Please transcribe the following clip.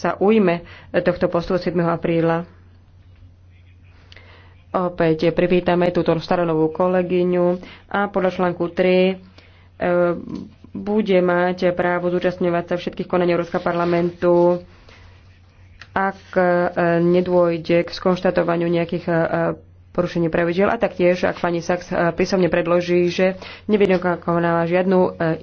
sa ujme tohto postu 7. apríla. Opäť privítame túto staronovú kolegyňu a podľa článku 3 e, bude mať právo zúčastňovať sa všetkých konaní Európskeho parlamentu, ak e, nedôjde k skonštatovaniu nejakých e, porušení pravidel a taktiež, ak pani Sachs písomne predloží, že ako žiadnu